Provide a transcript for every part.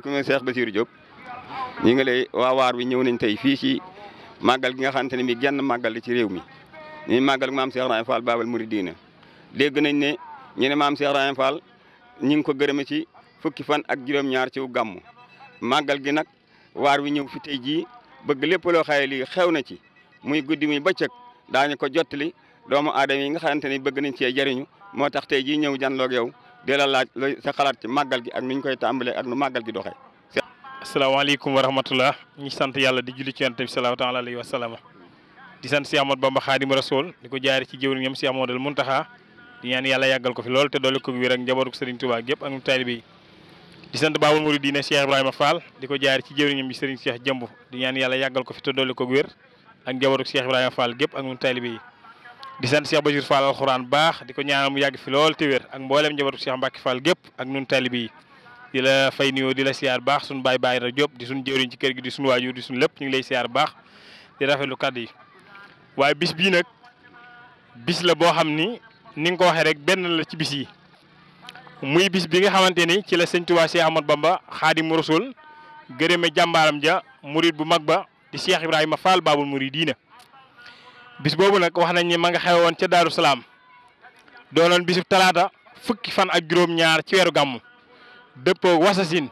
asalaamaaleykum Cheikh Bassirou Diop ñi nga lay waa waar wi ñëw nañ tey fii ci màggal gi nga xamante ne mi genn màggal li ci réew mi ñu ñi màggal maam Cheikh Rahim Fall Babal Mouridina dégg nañ ne ñu ne maam Cheikh Rahim Fall ñu ngi ko gërëme ci fukki fan ak juróom-ñaar ci gàmmu màggal gi nag waar wi ñëw fi tey jii bëgg lépp loo xaye lii xew na ci muy guddi muy bëccëg daañu ko jottali doomu aadama yi nga xamante ne bëgg nañ cee jariñu moo tax tey jii ñëw janloog yow dee la laaj looy sa xalaat ci màggal gi ak nu ñu koy tàmbalee ak nu màggal gi doxee. asalaamaaleykum wa rahmatullah ñu sant yàlla di julli ci yonent bi sallallahu taala alayhi wa sallam di sant si Ahmad Bamba Xaadim Rasul di ko jaari ci jëwriñ ñoom si Ahmadul Muntaxa di ñaan yàlla yàggal ko fi lool te doole ko wér ak njabootu Serigne Touba gépp ak nu taalibe yi di sant Baabul Muridiina Cheikh Ibrahima Fall di ko jaari ci jëwriñam bi Serigne Cheikh Jëmb di ñaan yàlla yàggal ko fi te doole ko wér ak njabootu Cheikh Ibrahima Fall gépp ak nu taalibe yi di sant ba Bachir Fall alxuraan baax di ko ñaanal mu yàgg fi lool te wér ak mboolem njabootu Cheikh Mbacke Fall gépp ak nun talibi yi di la fay nuyoo di la siyaar baax suñu baay baay ra Jóob di suñu jëwriñ ci kër gi di suñu waajur di suñu lépp ñu ngi lay siyaar baax di rafetlu kàddu yi waaye bis bii nag bis la boo xam ni ni nga ko waxee rek benn la ci bis yi muy bis bi nga xamante ni ci la sëñ Tuubaa Cheikh Ahmad Bamba Xaadimu Rasuul gërëme jàmbaaram ja murid bu mag ba di Cheikh Ibrahima Fall Baabul Muridiina bis boobu nag wax nañ ni ma nga xew woon ca Daaru Salaam doonoon bisub talaata fukki fan ak juróom-ñaar ci weeru gàmmu dëppoo wasasin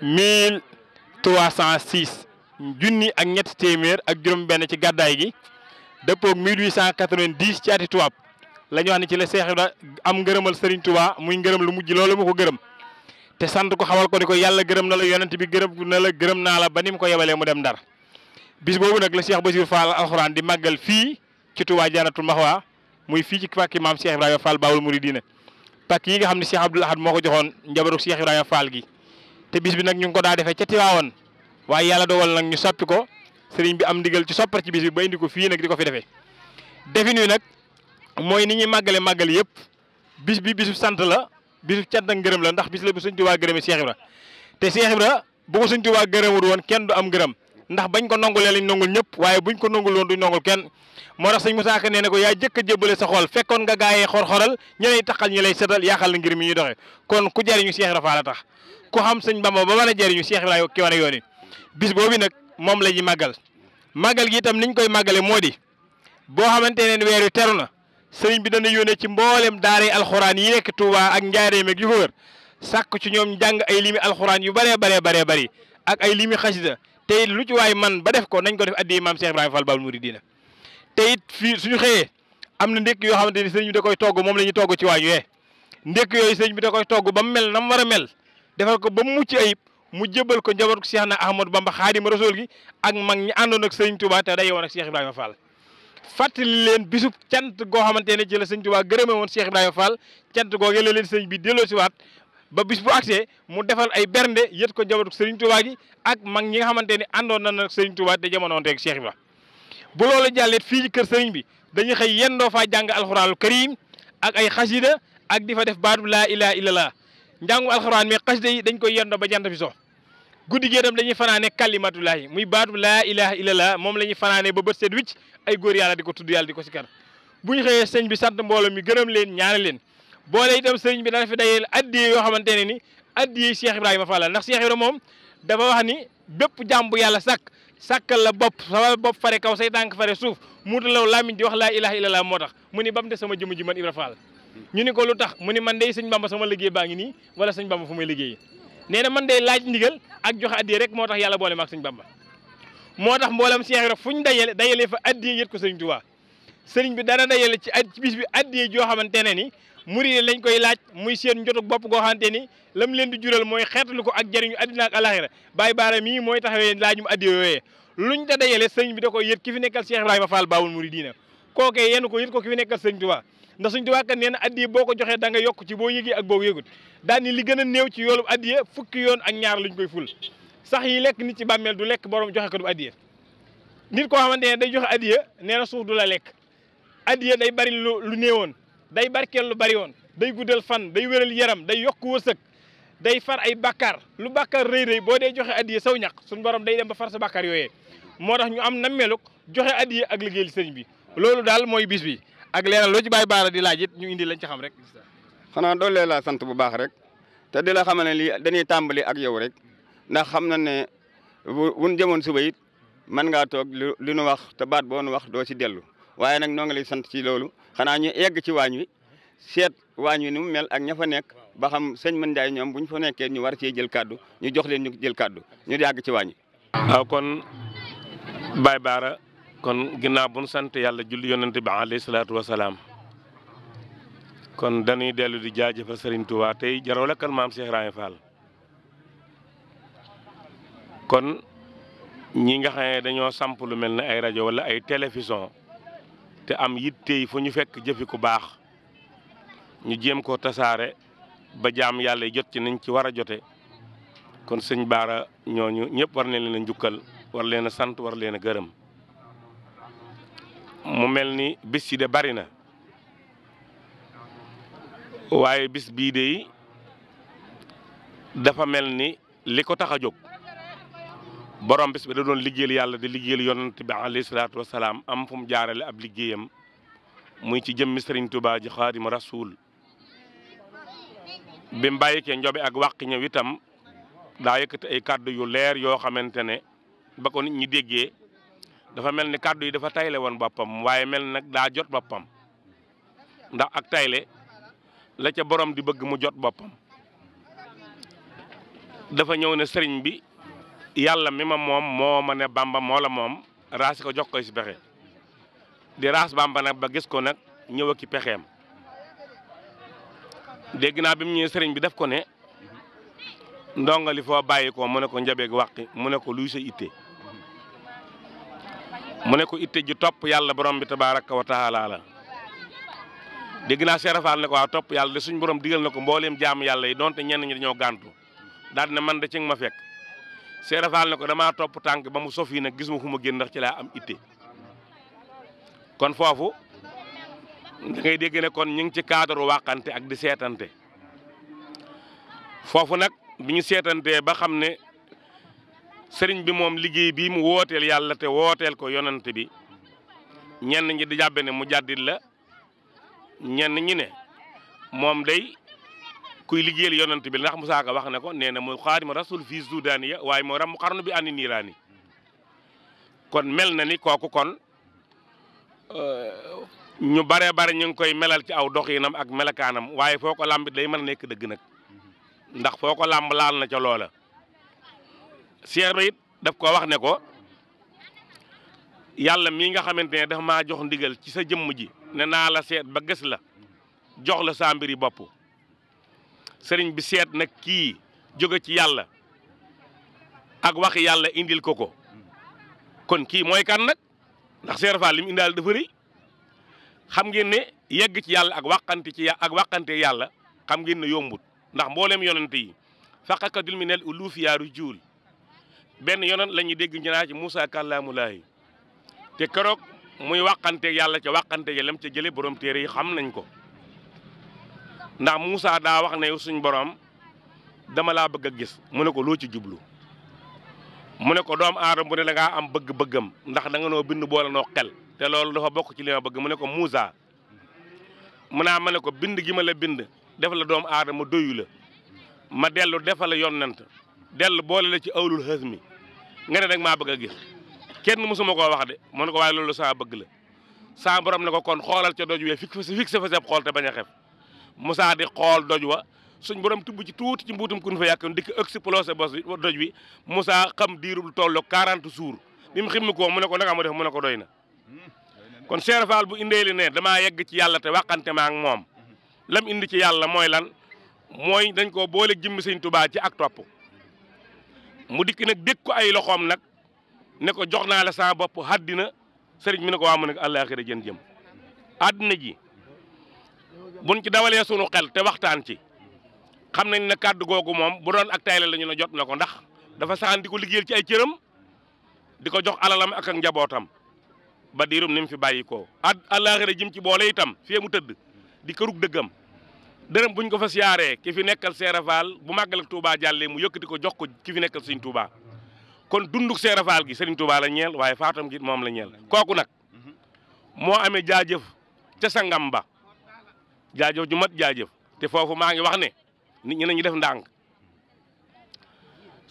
1306 junni ak ñetti téeméer ak juróom-benn ci gàddaay gi dëppoo 1890 ci ati tuwaab la ñu wax ne ci la Seex Ibra am ngërëmal Serigne Touba muy ngërëm lu mujj loolu mu ko gërëm te sant ko xamal ko ni ko yàlla gërëm na la yonent bi gërëm na la gërëm naa la ba ni mu ko yebalee mu dem Ndar bis boobu nag la ba Bassirou Fall alxuraan di màggal fii ci Touba Jannatul Mahwa muy fii ci pàkki maam Cheikh Ibrahima Fall di Muridiina pàkk yi nga xam ne Cheikh Abdoul Ahad moo ko joxoon njabaru Cheikh Ibrahima Fall gi te bis bi nag ñu ngi ko daa defee ca Tiwaawan waaye yàlla dogal nag ñu soppi ko sëriñ bi am ndigal ci soppar ci bis bi ba indi ko fii nag di ko fi defee defin wi nag mooy ni ñuy màggale màggal yëpp bis bi bisu sant la bisu cant ak ngërëm la ndax bis la bu Sëriñ Tuubaa gërëmee Cheikh Ibra te Cheikh Ibra bu ko Sëriñ Tuubaa gërëmul woon kenn du am ngërëm ndax bañ ko nongulee lañ nongul ñëpp waaye buñ ko nongul woon duñ nongul kenn moo tax sëñ Moussa nee na ko yaa jëkk a sa xol fekkoon nga gaayee xor-xoral ñu lay taxal ñi lay setal yaaxal na ngir mi ñuy doxee kon ku jariñu Cheikh Ibra Fall la tax ku xam sëñ Bamba ba mën a jariñu Cheikh Ibra ki wane yoon yi bis boobu nag moom la ñuy màggal màggal gi itam niñ koy màggale moo di boo xamante ne weer wi teru na sëriñ bi dana yónnee ci mboolem daare alxuraan yi nekk ak Njaaréem ak yu fa sàkk ci ñoom jàng ay limi alxuraan yu baree baree baree bëri ak ay limi xasida te lu ci waay man ba def ko nañ ko def addi maam Cheikh Ibrahima Fall Baabul Muridiina te it fii suñu xëyee am na ndékk yoo xamante ni sëñ bi da koy togg moom la ñuy togg ci waañ wee ndékk yooyu sëñ bi da koy togg ba mu mel na mu war a mel defal ko ba mu mucc ayib mu jëbal ko njaboot ko na na ba Bamba ma Rasuul gi ak mag ñi àndoon ak sëñ Touba te day woon ak Cheikh Ibrahima Fall fàttali leen bisub cant goo xamante ne ci la sëñ Touba gërëme woon Cheikh Ibrahima cant googee la sëñ bi delloo si ba bis bu agsee mu defal ay bernde yët ko njabootu Serigne Touba gi ak mag ñi nga xamante ne àndoon na nag Serigne Touba te jamonoonteeg Cheikh Ibra bu loolu jàlleet fii ci kër Serigne bi dañuy xëy yendoo faa jàng alxuraanul karim ak ay xasida ak di fa def baatu laa ilaha illallah njàngu alxuraan mais xasida yi dañ koy yendoo ba jant fi so guddi gi itam dañuy fanaane kalimatullahi muy baatu laa ilaha illallah moom la ñuy fanaane ba bët set wicc ay góor yàlla di ko tudd yàlla di ko si kar bu ñu xëyee sëñ bi sant mbooloo mi gërëm leen ñaane leen boole itam sëriñ bi dana fi dajeel addiye yoo xamante ne ni addiye Cheikh Ibrahima Fall ndax Cheikh Ibrahima moom dafa wax ni bépp jàmb yàlla sàkk sàkkal la bopp sama bopp fare kaw say tànk fare suuf muuta la lamiñ di wax laa ilaha illallah moo tax mu ni ba mu des sama jëmm ji man Ibra Fall ñu ni ko lu tax mu ni man day sëñ Bamba sama liggéey baa ngi nii wala sëñ Bamba fu may liggéey nee na man day laaj ndigal ak joxe addiye rek moo tax yàlla boole ma ak sëñ Bamba moo tax mboolem Cheikh fu ñu dajale dajale fa addiye yët ko sëriñ Tuubaa sëriñ bi dana dajale ci bis bi addiye joo xamante ne ni murid lañ koy laaj muy seen njotug bopp goo xamante ni mu leen di jural mooy xeetlu ko ak jëriñu addina ak alaxira baay baara mii mooy tax taxawee laajum addi yooyee ñu te dajale sëñ bi da koy yët ki fi nekkal Cheikh Ibrahima Fall baawul muridina kookee yenn ko yët ko ki fi nekkal sëñ Tuubaa ndax suñ Tuubaa kat nee na addi boo ko joxee danga yokk ci boo yëgee ak boo yëgut daal ni li gën a néew ci yoolu addiya fukki yoon ak ñaar luñ koy ful sax yi lekk nit ci bàmmeel du lekk borom joxe ko du addiya nit koo xamante ne day joxe addiya nee na suuf du la lekk addiya day bari lu néewoon day barkeel lu bari woon day guddal fan day wéral yaram day yokk wërsëg day far ay bakaar lu bàkkaar rëy rëy boo dee joxe addiye saw ñax suñu borom day dem ba far sa bàkkaar yooyee moo tax ñu am nammeeluk joxe addiye ak liggéey li sëriñ bi loolu daal mooy bis bi ak leeral loo ci bàyyi baara di laaj it ñu indi lañ ci xam rek xanaa doole laa sant bu baax rek te di la xamal ne lii dañuy tàmbali ak yow rek ndax xam na ne wun jëmoon suba it mën ngaa toog lu nu wax te baat boo wax doo ci dellu waaye nag noo ngi lay sant ci loolu xanaa ñu egg ci waañ wi seet waañ wi ni mu mel ak ña fa nekk ba xam sëñ mën Ndiaye ñoom bu ñu fa nekkee ñu war cee jël kàddu ñu jox leen ñu jël kàddu ñu yàgg ci waañ wi. waaw kon Baye Baara kon ginnaaw bu ñu sant yàlla julli yonante bi alayhi salaatu wa salaam kon dañuy dellu di jaajëfal Serigne Touba tey jaroo la kal maam Cheikh Ibrahima kon ñi nga xam dañoo samp lu mel ne ay rajo wala ay télévision te am yit yi fu ñu fekk jëfi ku baax ñu jéem koo tasaare ba jaam yàlla jot ci nañ ci war a jote kon sëñ Baara ñooñu ñëpp war nañ leen a njukkal war leen sant war leen a gërëm mu mel ni bis yi de bari na waaye bis bii de dafa mel ni li ko tax a jóg. borom bis bi da doon liggéeyal yàlla di liggéeyal yonent bi alayhi salaatu wasalaam am fu mu jaarale ab liggéeyam muy ci jëmmi Sëriñ Tuubaa ji Xaadimu Rasuul bi mu bàyyikee njobe ak wàq ñëw itam daa yëkkati ay kàddu yu leer yoo xamante ne ba ko nit ñi déggee dafa mel ni kàddu yi dafa tayle woon boppam waaye mel nag daa jot boppam ndax ak tayle la ca borom di bëgg mu jot boppam dafa ñëw ne sëriñ bi yàlla mi ma moom moo ma ne bàmba moo la moom raasi ko jox ko si pexe di raas bamba nag ba gis ko nag ñëw ki pexeem dégg naa bi mu ñëwee sëriñ bi def ko ne ndongo li foo bàyyi ko mu ne ko njabeeg wàqi mu ne ko luy sa itte mu ne ko itte ji topp yàlla borom bi tabaaraka wa taala la dégg naa seerafaal ne ko waaw topp yàlla de suñ borom digal na ko mbooleem jaamu yàlla yi donte ñenn ñi dañoo gàntu daal ne man de ci ma fekk seerafaal ne ko damaa topp tànk ba mu sof yi nag gis ma fu génn ndax ci laa am itte kon foofu da ngay dégg ne kon ñu ngi ci cadre waxante ak di seetante foofu nag bi ñu seetantee ba xam ne sëriñ bi moom liggéey bi mu wooteel yàlla te wooteel ko yonante bi ñenn ñi di jàppe ne mu jàddit la ñenn ñi ne moom day kuy liggéeyal yonent bi ndax mu Ka wax na ko nee na mu xaadima rasul fii zudaaniya waaye moo ram xarnu bi àndi niiraani kon mel na ni kooku kon euh, ñu bare bare ñu ngi koy melal ci aw doxinam ak melakaanam waaye foo ko làmbit day mën a nekk dëgg nag ndax foo ko làmb laal na ca loola seer it daf koo wax ne ko yàlla mii nga xamante ne daf maa jox ndigal ci sa jëmm ji ne naa la seet ba gës la jox la saa mbiri bopp sëriñ bi seet nag kii jóge ci yàlla ak waxi yàlla indil ko ko kon kii mooy kan nag ndax Seex Faal li mu indaal dafa rëy xam ngeen ne yegg ci yàlla ak wàqante ci ak yàlla xam ngeen ne yombut ndax mboolem yonent yi faqakadul mi nel uluuf yaaru juul benn yonent lañu dégg ñu naa ci Moussa kàllaamulaahi te keroog muy wàqante yàlla ca wàqante yàllam ca jële borom téere yi xam nañ ko ndax Moussa daa wax ne suñ boroom dama laa bëgg a gis mu ne ko loo ci jublu mu ne ko doom aadama bu ne da ngaa am bëgg-bëggam ndax danga nga noo bind boole noo xel te loolu dafa bokk ci li ma bëgg mu ne ko Moussa mu naa ma ne ko bind gi ma la bind def la doomu ma doyu la ma dellu defal la yonnant dellu boole la ci awlul xës mi nga ne nag maa bëgg a gis kenn mësuma koo wax de mu ne ko waaye loolu saa bëgg la saa borom ne ko kon xoolal ca doj wee fik xool te bañ a xef Moussa di xool doj wa suñ borom tibb ci tuuti ci mbuutum kun fa yàkkoon dikk explosé bos doj wi Moussa xam diiru lu toll 40 jours bi mu ximmi ko mu ne ko naka ma def mu ne ko doy na kon Cheikh Fall bu indeeli ne damaa yegg ci yàlla te waxante ma ak moom lam indi ci yàlla mooy lan mooy dañ koo boole jëmmi sëñ Tubaa ci ak topp mu dikki nag dégg ko ay loxoom nag ne ko jox naa la sa bopp àddina sëriñ mi ne ko waa mu ne ko àllaaxira jën jëm àddina ji buñ ci dawalee sunu xel te waxtaan ci xam nañ ne kàddu googu moom bu doon ak tayle la ñu ne jot na ko ndax dafa saxan di ko liggéeyal ci ay cëram di ko jox alalam ak ak njabootam ba diirum ni fi bàyyi ko ad àllaaxira jëm ci boole itam fii mu tëdd di kërug dëggam dërëm buñ ko fa siyaaree ki fi nekkal Seera Faal bu màggal ak Touba jàllee mu yëkkati ko jox ko ki fi nekkal Sëriñ kon dunduk Seera Faal gi Sëriñ Touba la ñeel waaye faatam gi moom la ñeel kooku nag moo amee jaajëf sangam ba jaajëf ji mat jaajëf te foofu maa ngi wax ne nit ñi nañu def ndànk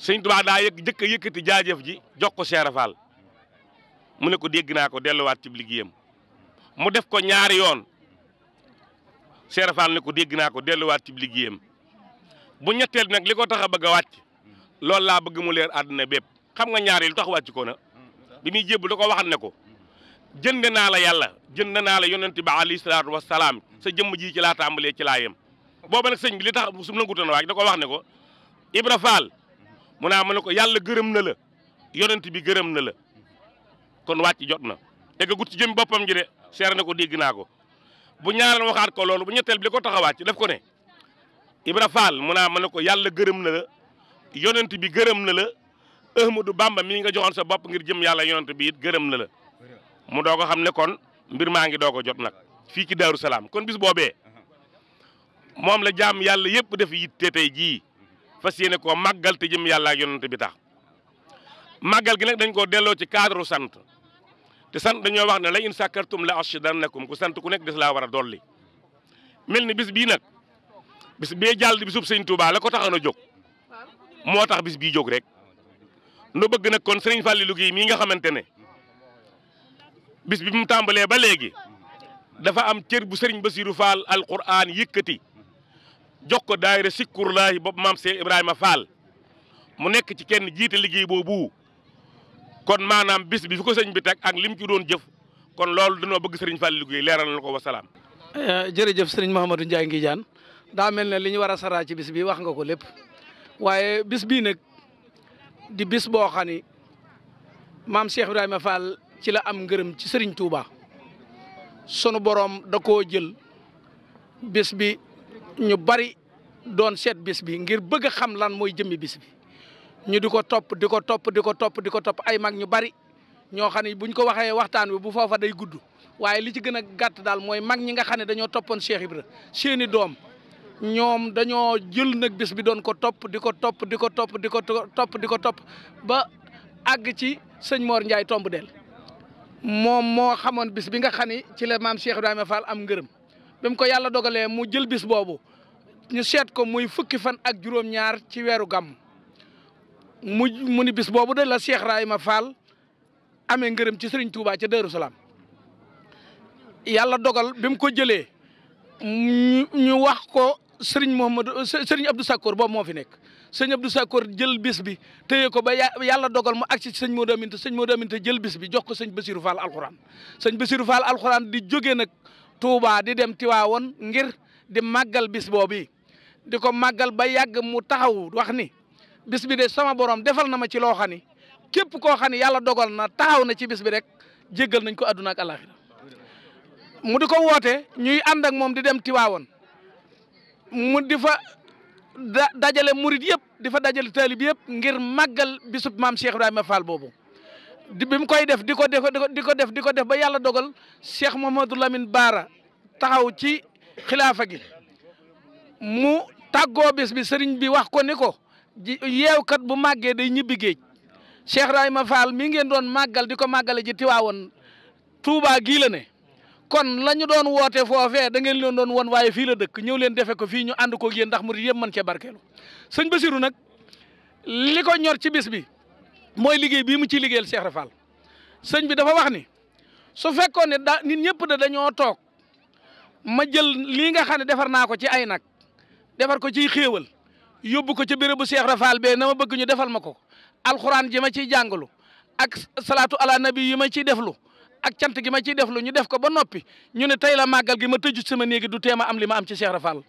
sëñ Tuubaa daa yëg jëkk a yëkkati jaajëf ji jox ko Cheikh Fall mu ne ko dégg naa ko delluwaat ci liggéeyam mu def ko ñaari yoon Cheikh ne ko dégg naa ko delluwaat ci bu ñetteel nag li ko tax a bëgg a wàcc loolu laa bëgg mu leer àdduna bépp xam nga ñaari lu tax wàcc ko na bi muy jébbal da ko waxal ne ko jënd naa la yàlla jënd naa la yonent ba alay salaatu wasalaam sa jëmm ji ci laa tàmbalee ci laa yem booba nag sëñ bi li tax su mu nangutoon waaj da ko wax ne ko Ibra Faal mu naa ah, mu ko yàlla gërëm na la yonent bi gërëm na la kon wàcc jot na te ci jëm boppam ji de na ko dégg naa ko bu ñaareel waxaat loolu ñetteel bi li ko tax a wàcc ko ne Ibra mu naa ah, mu ne ko yàlla gërëm na la yonent bi gërëm na la Ahmadou Bamba mii nga joxoon sa bopp ngir jëm yàlla yonent bi it gërëm na la mu doog a xam ne kon mbir maa ngi doog a jot nag fii ci Daaru Salaam kon bis boobee moom la jaam yàlla yëpp def yitte tey jii fas yéene koo màggal te jëm yàlla ak bi tax màggal gi nag dañ koo delloo ci cadre sant te sant dañoo wax ne la in sàkkartum la ashidannakum ku sant ku nekk des laa war a dolli mel ni bis bii nag bis bee jàll di bisub sëñ Touba la ko taxoon a jóg moo tax bis bii jóg rek nu bëgg nag kon sëriñ Fallilou Guèye mii nga xamante ne bis bi mu tàmbalee ba léegi dafa am cër bu sëriñ Basiiru Fall alquran yëkkati jox ko daayira sikkurlaahi boobu maam Cheikh Ibrahima Fall mu nekk ci kenn jiite liggéey boobu kon maanaam bis bi fi ko sëñ bi teg ak lim ci doon jëf kon loolu dañoo bëgg sëriñ Fall liggéey leeral na ko wa salaam. Eh, jërëjëf sëriñ Mouhamadou Ndiaye Ngidjane daa mel ne li ñu war a saraa ci bis bi wax nga ko lépp waaye bis bi nag di bis boo xam maam Cheikh Ibrahima Fall. ci la am ngërëm ci sëriñ Touba sunu boroom da koo jël bis bi ñu bari doon seet bis bi ngir bëgg xam lan mooy jëmmi bis bi ñu di ko topp di ko topp di ko topp di ko topp ay mag ñu bari ñoo xam ne buñ ko waxee waxtaan wi bu foofa day gudd waaye li ci gën a gàtt daal mooy mag ñi nga xam ne dañoo toppoon Cheikh Ibra seeni doom ñoom dañoo jël nag bis bi doon ko topp di ko topp di ko topp di ko topp di ko topp ba àgg ci sëñ Mor njaay tomb del moom moo xamoon bis bi nga xam ni ci la maam Cheikh Ibrahima Fall am ngërëm bi ko yàlla dogalee mu jël bis boobu ñu seet ko muy fukki fan ak juróom-ñaar ci weeru gàmm mu mu bis boobu de la Cheikh ma Fall amee ngërëm ci Serigne Touba ci Darou Salaam yàlla dogal bim ko jëlee ñu wax ko Serigne Mouhamadou Serigne Abdou sakoor boobu moo fi nekk. sëñ Abdou Sakor jël bis bi téye ko ba yàlla dogal mu agsi ci sëñ Modou Aminta sëñ Modou jël bis bi jox ko sëñ Bassirou Fall alxuraan sëñ Bassirou Fall alxuraan di jóge nag Touba di dem Tiwaawoon ngir di màggal bis boobu di ko màggal ba yàgg mu taxaw wax ni bis bi de sama boroom defal na ma ci loo xam képp ko xam ni yàlla dogal na taxaw na ci bis bi rek jéggal nañ ko àdduna ak àllaaxira mu di ko woote ñuy ànd moom di dem Tiwaawoon mu di fa dajale murit yëpp di fa dajale taalib yëpp ngir màggal bisub maam Cheikh Ibrahima Fall boobu di bi mu koy def di ko di ko di ko def di ko def ba yàlla dogal Cheikh Mouhamadou Lamine Baara taxaw ci xilaafa gi mu tàggoo bis bi sëriñ bi wax ko ni ko yeewkat bu màggee day ñibbi géej Cheikh Ibrahima Fall mi ngeen doon màggal di ko màggale ji tiwaawoon Touba gii la ne kon lañu doon woote foofee da ngeen leen doon won waaye fii la dëkk ñëw leen defe ko fii ñu ànd koog yéen ndax murid yëpp mën cee barkeelu sëñ nag li ko ñor ci bis bi mooy liggéey bii mu ciy liggéeyal Cheikh Rafal sëñ bi dafa wax ni su fekkoon ne da nit ñëpp da dañoo toog ma jël lii nga xam ne defar naa ko ci ay nag defar ko ci xéewal yóbbu ko ci bérébu Cheikh Rafal bee na ma bëgg ñu defal ma ko alxuraan ji ma ciy jàngalu ak salaatu ala nabi yi ma ciy deflu ak cant gi ma ciy def lu ñu def ko ba noppi ñu ne tey la màggal gi ma tëju sama néegi du teema am lima am ci Cheikh Rafal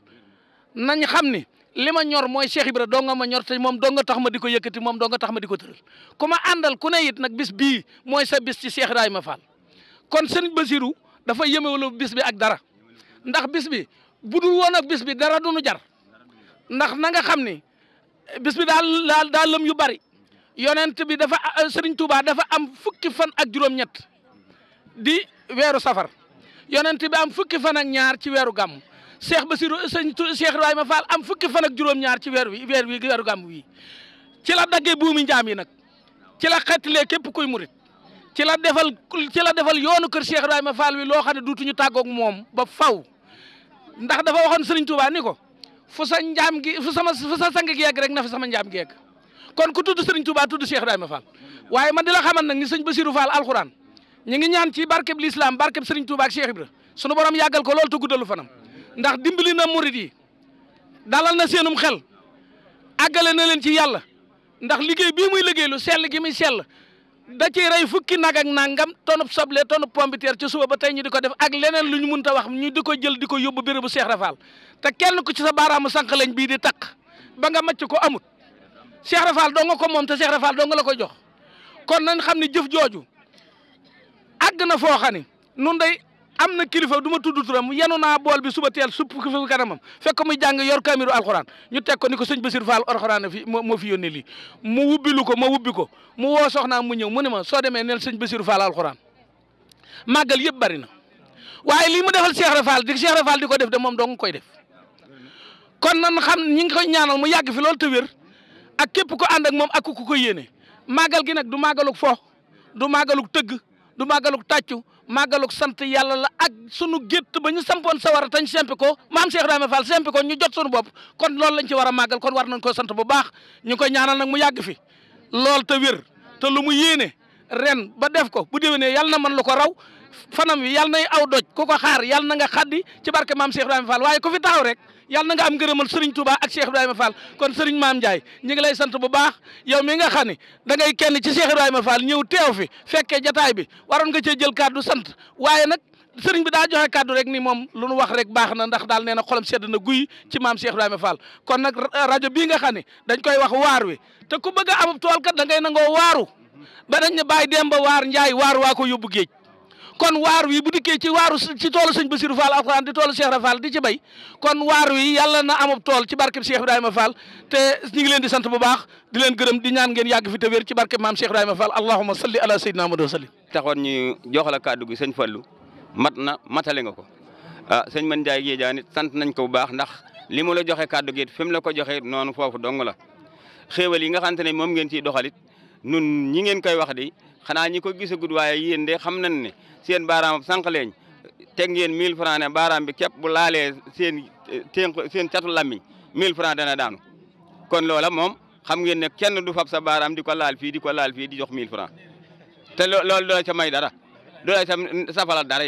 nañ xam ni li ma ñor mooy Cheikh Ibra doo ma ñor te moom doo nga tax ma di ko yëkkati moom doo nga tax ma di ko tëral ku ma àndal ku ne it nag bis bii mooy sa bis ci Cheikh ma Fall kon sëñ Basiru dafa yemewul bis bi ak dara ndax bis bi bu dul woon ak bis bi dara du nu jar ndax nanga xam ni bis bi daal daal daal lëm yu bari yonent bi dafa Sëriñ dafa am fukki fan ak juróom di weeru safar yonent bi am fukki fan ak ñaar ci weeru gàmm Cheikh Bassirou sëñ Cheikh Ibrahima Fall am fukki fan ak juróom-ñaar ci weer wi weer wi weeru gàmm wi ci la daggee buumi njaam yi nag ci la xettilee képp kuy murit ci la defal ci la defal yoonu kër Cheikh Ibrahima Fall wi loo xam ne duutuñu tàggoog moom ba faw ndax dafa waxoon Serigne Touba ni ko fu sa njaam gi fu sama fu sa sang gi yegg rek na fa sama njaam gi yegg kon ku tudd Serigne Touba tudd Cheikh Ibrahima Fall waaye man di la xamal nag ni sëñ Bassirou Fall alxuraan ñu ngi ñaan ci barkeb lislaam barkeb Serigne Touba ak Cheikh Ibra sunu borom yàggal ko loolu te guddalu fanam ndax dimbali na murid yi dalal na seenum xel àggale na leen ci yàlla ndax liggéey bii muy liggéey lu sel gi muy sell da ciy rey fukki nag ak nangam tonub soble tonub pombiteer ci suba ba tey ñu di ko def ak leneen lu ñu mun ta wax ñu di ko jël di ko yóbbu bérébu Seex Rafaal te kenn ku ci sa baaraamu sànq lañ bii di takk ba nga macc ko amut Seex doo nga ko moom te Seex Rafaal doo la koy jox kon nañ xam ne jëf jooju àgg na foo xam ne nun day am na kilifa du ma tudd mu yenu naa bool bi suba teel supp ko fi kanamam fekk muy jàng yor kaamiru alxuraan ñu teg ko ni ko sëñ Basir Fall alxuraan fi moo fi yónnee lii mu lu ko ma wubbi ko mu woo naa mu ñëw mu ne ma soo demee neel sëñ Basir Fall alxuraan màggal yëpp bari na waaye lii mu defal Cheikh Rafal di Cheikh Rafal ko def de moom dong koy def kon nan xam ñi ngi koy ñaanal mu yàgg fi loolu te wér ak képp ko ànd ak moom ak ku ko yéene màggal gi nag du màggaluk fo du màggaluk tëgg du màggaluk tàccu màggaluk sant yàlla la ak sunu gétt ba ñu sampoon sawara tañ sempi ko maam Cheikh Ibrahima Fall sempi ko ñu jot sunu bopp kon loolu lañ ci war a màggal kon war nañ ko sant bu baax ñu koy ñaanal nag mu yàgg fi lool ta wér te lu mu yéene ren ba def ko bu déwénee yàlla na man lu ko raw fanam wi yàlla nay aw doj ku ko xaar yàlla na nga xaddi ci barke maam Cheikh Ibrahima Fall waaye ku fi taxaw rek yàlla na nga am ngërëmal Serigne Touba ak Cheikh Ibrahima Fall kon Serigne Maam Ndiaye ñu ngi lay sant bu baax yow mi nga xam ne da ngay kenn ci Cheikh Ibrahima Fall ñëw teew fi fekkee jataay bi waroon nga cee jël kàddu sant waaye nag sëriñ bi daa joxe kàddu rek ni moom lu nu wax rek baax na ndax daal nee na xolam sedd na guy ci maam Cheikh Ibrahima kon nag rajo bii nga xam ne dañ koy wax waar wi te ku bëgg a am tool da ngay nangoo waaru ba dañ ne Baye Demba waar Njaay waar waa ko yóbbu géej kon waar wi bu dikkee ci waaru ci toolu sëñ Basiru Fall alxuraan di toolu Cheikh Fall di ci bay kon waar wi yàlla na amub tool ci barkeb Cheikh Ibrahima Fall te ñu ngi leen di sant bu baax di leen gërëm di ñaan ngeen yàgg fi te wér ci barkeb maam Cheikh Ibrahima Fall allahumma salli ala sayyidina Muhammad wa sallim taxoon ñu jox la kàddu gi sëñ Fallu mat na matale nga ko ah sëñ Man Njaay Géejaani sant nañ ko bu baax ndax li mu la joxe kàddu gi it la ko joxe noonu foofu dong la xéewal yi nga xamante ne moom ngeen ciy doxalit nun ñi ngeen koy wax di xanaa ñi ko gisagut waaye yéen de xam nañ ne seen baaraam sànq leeñ teg ngeen 1000 francs ne baaraam bi képp bu laalee seen seen catu lammiñ 1000 francs dana daanu kon loola moom xam ngeen ne kenn du fab sa baaraam di ko laal fii di ko laal fii di jox 1000 francs te loolu doo ca may dara doo ca safalal dara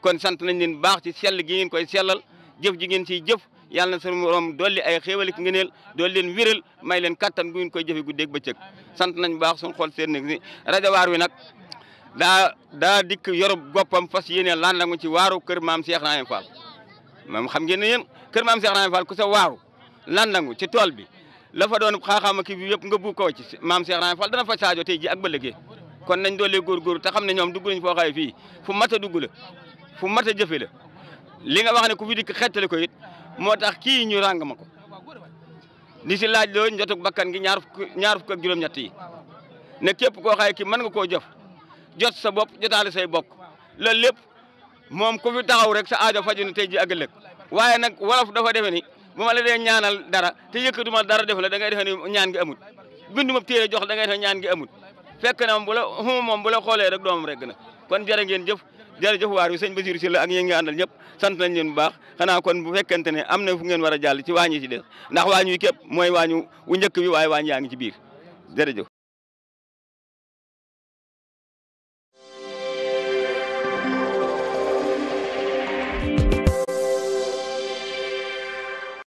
kon sant nañ leen baax ci sell gi ngeen koy sellal jëf ji ngeen ciy jëf yàlla na suñu borom dolli ay xéewal ak ngëneel dool leen wéral may leen kattan gu ngeen koy jëfe guddeeg bëccëg sant nañ baax suñu xool seen ne ni rajo waar wi nag da daa dikk yorub goppam fas yéene laan la ci waaru kër maam Cheikh Ibrahima Fall moom xam ngeen ne yéen kër maam Cheikh Ibrahima Fall ku sa waaru landangu ci tool bi la fa doon xaaxaama kii bi yëpp nga bu ko ci maam Cheikh Ibrahima Fall dana fa saajo tey ji ak bëllëgee kon nañ doolee góorgóorlu te xam na ñoom dugg nañ foo xaye fii fu mat a dugg la fu mat a jëfe la li nga wax ne ku dikk xettali ko it moo tax kii ñu ràng ma ko di si laaj loo njotug bakkan gi ñaar fukk ñaar fukk ak juróom-ñett yi ne képp koo xaye ki mën nga koo jëf jot sa bopp jotaale say bokk loolu lépp moom ku fi taxaw rek sa aajo faju na tey ji ak ëllëg waaye nag wolof dafa defe ni bu ma la dee ñaanal dara te yëkkatuma dara def la da ngay defe ñaan gi amul bindu ma jox da ngay ñaan ngi amul fekk na moom bu la xuma moom bu la xoolee rek doomam rek na kon jërë ngeen jëf jërëjëf waar wi sëñ Basiru si la ak ñi ngi àndal ñëpp sant nañ leen bu baax xanaa kon bu fekkente ne am na fu ngeen war a jàll ci waañ yi ci des ndax waañu wi képp mooy waañu wu njëkk bi waaye waañ yaa ngi ci biir jërëjëf